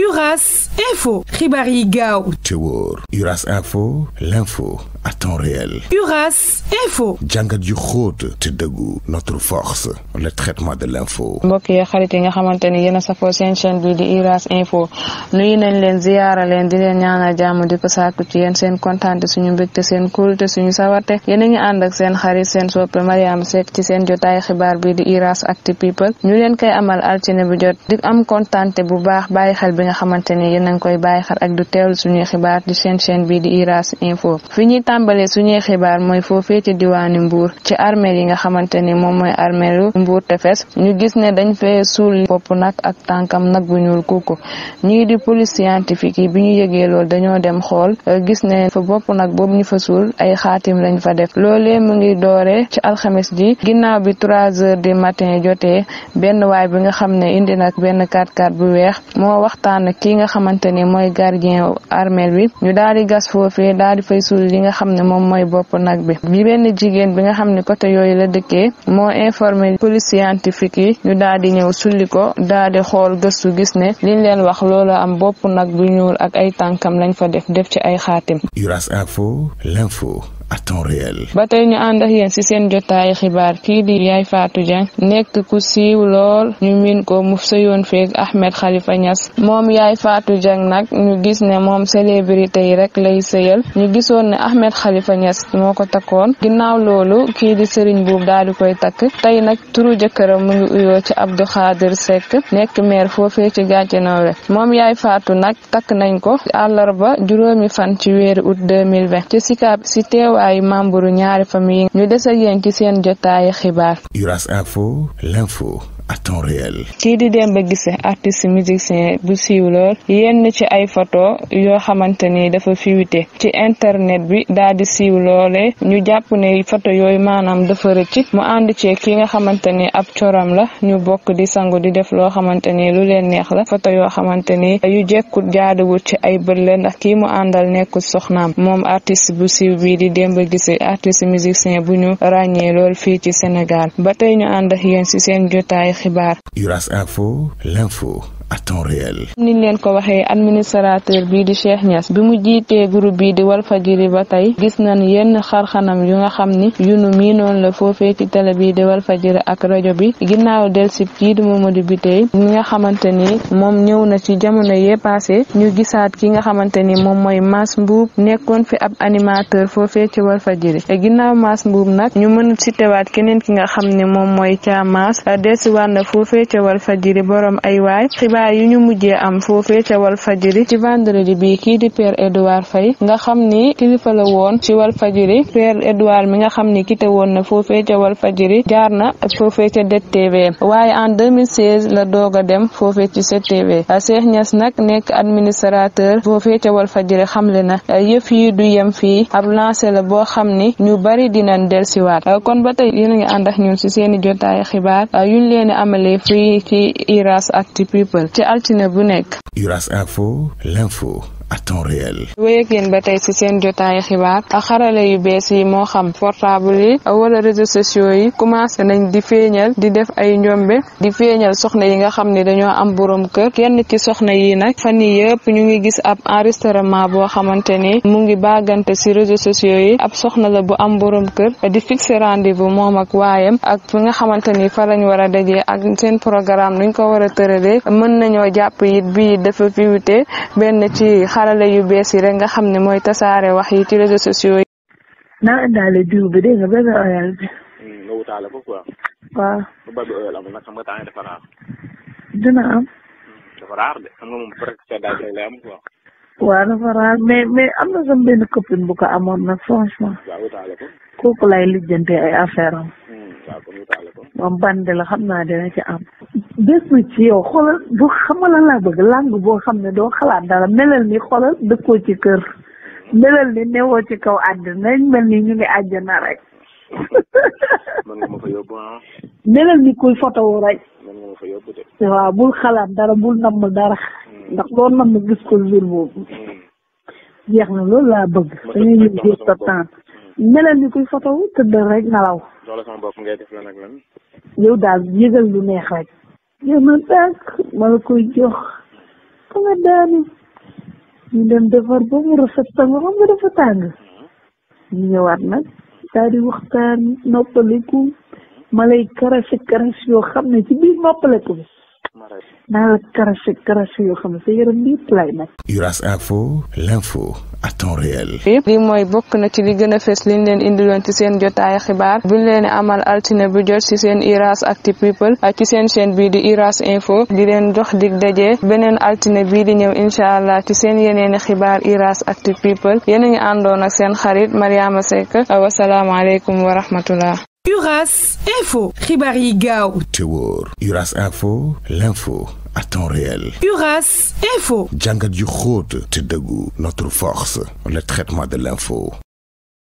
you Uras Info xibaar yi gaaw te wóor Uras Info l'info à temps réel Uras Info jàngat yu xóot te dëggu notre force le traitement de l'info mbokk yi xarit yi nga xamante ni yéen a safoo seen chaîne bi di Uras Info nuyu nañ leen ziyaara leen di leen ñaanal jàmm di ko sàkku ci yéen seen kontaan suñu mbégte seen kóolute suñu sawarte yéen a ngi ànd ak seen xarit seen soppe Mariama Seck ci seen jotaay xibaar bi Uras Actu People ñu leen koy amal altine bu jot di am kontaante bu baax bàyyi xel bi nga xamante ni yéen a ngi koy bàyyi ak du suñuy xibaar di seen chaîne bii di Uras info fi ñuy tàmbalee suñuy xibaar mooy foofee ci diwaanu Mbour ci armeel yi nga xamante ni moom mooy armeelu Mbour Tefes ñu gis ne dañ fee suul bopp nag ak tànkam nag bu ñuul kooku ñii di police scientifique yi bi ñu yëgee loolu dañoo dem xool euh, gis ne fa bopp nag boobu ñu fa suul ay xaatim lañ fa def loolee mu ngi doore ci alxames ji ginnaaw bi trois heures du matin jotee benn waay bi nga xam ne indi nag benn kat x bu weex moo waxtaan nag ki nga xamante ne mooy gardien armel bi ñu daal di gas foofee daal di fay suul li nga xam ne moom mooy bopp nag bi bi benn jigéen bi nga xam ne côté yooyu la dëkkee moo informé police scientifique yi ñu daal di ñëw sulli ko daal di xool gëstu gis ne li leen wax loolu am bopp nag bu ñuul ak ay tànkam lañ fa def def ci ay xaatim. Uras Info l'info. à ba tey ñu ànd ak yéen ci seen jotaayu xibaar kii di Yaay faatu jang nekk ku siiw lool ñu min ko mu sëyoon feeg Ahmed Khalifa Niass moom Yaay faatu Dieng nag ñu gis ne moom célébrité yi rek lay sëyal ñu gisoon ne Ahmed Khalifa Niass moo ko takkoon ginnaaw loolu kii di Serigne Boub daal di koy takk tey nag turu jëkkëram mu ngi ci Abdou Khadir Seck nekk maire foofee ci Gàcce Nawle moom Yaay Fatou nag takk nañ ko àllarba juróomi fan ci weeru août 2020 ci Sicap si teewa teewaayu membre ñaari famille ñu des ak yéen ci seen jotaayu xibaar. Uras Info l'info à temps réel. artis di Demba Guissé artiste musicien bu siiwlool yenn ci ay photo yoo xamante ni dafa fiwite ci internet bi daal di siiw loole ñu jàpp foto photo yooyu maanaam dafa mo mu ànd ci ki nga xamante ab la ñu bokk di sangu di def loo xamante ni lu leen neex la photo yoo xamante ni yu jekkut jaaduwut ci ay bët la ndax kii mu àndal nekkul soxnaam moom artiste bu siiw bii di Demba Guissé artiste musicien bu ñu ràññee lool fii ci Sénégal ba ñu ak ci seen jotaay xibaar. Uras Info, l'info. à ni leen ko waxee administrateur bii di Cheikh Niass bi mu jiitee groupe bii di Walfadjri ba tey gis nañ yenn xarxanam yu nga xam ni yu nu miinoon la foofee ci télé bii di Walfadjri ak rajo bi ginnaaw dellusi kii di Mamadou Biteye mi nga xamante ni moom ñëw na ci jamono yee passé ñu gisaat ki nga xamante ni moom mooy Mass Mboup nekkoon fi ab animateur foofee ci Walfadjri te ginnaaw Mass Mboup nag ñu mën tewaat keneen ki nga xam ne moom mooy Thiam Mass dellusiwaat na foofee ci Walfadjri borom ay xibaar yi ñu mujjee am foofe ca wal fajiri ci vendredi bi kii di père Edouard fay nga xam ni kilifa la woon ci wal fajiri père Edouard mi nga xam ni kite woon na foofe ca wal fajiri jaar na foofe ca det tv waaye en 2016 la doog a dem foofe ci set tv Cheikh ñas nag nekk administrateur foofe ca wal fajiri xamle na yëf yi du yem fii ab lancé la boo xam ni ñu bari dinañ delsiwaat kon ba tey yéen a ngi ànd ak ñun si i jotaayu xibaar yuñ leen amalee fii ci Uras Actu People ci altine bu nekk. Uras Info l'info atoriel wéyeg yéen ba tey ci seen jotaayu xibaar xarala yu bees yi moo xam portable yi wala réseaux sociaux yi commencé nañ di feeñal di def ay njombe di feeñal soxna yi nga xam ne dañoo am borom kër kenn ci soxna yi nag fan yi yëpp ñu ngi gis ab enregistrement boo xamante ni mu ngi baagante ci réseaux sociaux yi ab soxna la bu am borom kër di fixer rendez-vous moom ak waayam ak fi nga xamante fa lañ war a ak seen programme nuñ ko war a tëralee mën nañoo jàpp it bii dafa fiwute benn ci xarala yu bees yi rek nga xam ne mooy tasaare wax yi ci réseaux sociaux na naa indaale diw bi dégg nga benn oyal bi. Hmm, nga ko quoi. waaw. bu bëri oyal amul nag xam nga temps am. Hmm, dafa raar mais mais am na sama benn copine bu ko amoon nag franchement. waaw wutaale lay lijjante affaire am. Hmm, waaw kon wutaale moom bande xam naa dina am. des na ci yow xoolal bu xamala laa bëgg langue boo xam ne doo xalaat dara melal ni xoolal dëkkoo ci kër melal ni newoo ci kaw àddina nañ mel ni ñu ngi àjjana rek. mën nga ah? bul xalaat dara bul namm dara. Hmm. ndax doo namm gis ko jour boobu. Hmm. jeex na loolu laa bëgg. dañuy ñëw gis sa temps. Hmm. melal ni kuy fotowu tëdd nalaw. loolu sama bopp ngay def daal yëgal lu neex jama tàkk ma la koy jox ba nga daanu ñu dem defar ba mu rafet tàng xam nga dafa tàng ñu ñëwaat nag daal di waxtaan noppaliku ma lay karase yoo xam ne ci biir noppaliku bi naa lii mooy bokk na ci li gën a liñ leen indiloon ci seen jotaay xibaar bu leen amal altine bu jot ci seen Uras Actu People ak ci seen chaîne bii di Uras Info di leen jox dig daje beneen altine bii di ñëw incha allah ci seen yeneeni xibaar Uras Actu People yéen a àndoon ak seen xarit Mariama Seck wasalaamaaleykum wa rahmatullah. Uras Info, Ribari Gao. Tewor. Uras Info, l'info à temps réel. Uras Info. Djanga te Tedegou, notre force, le traitement de l'info.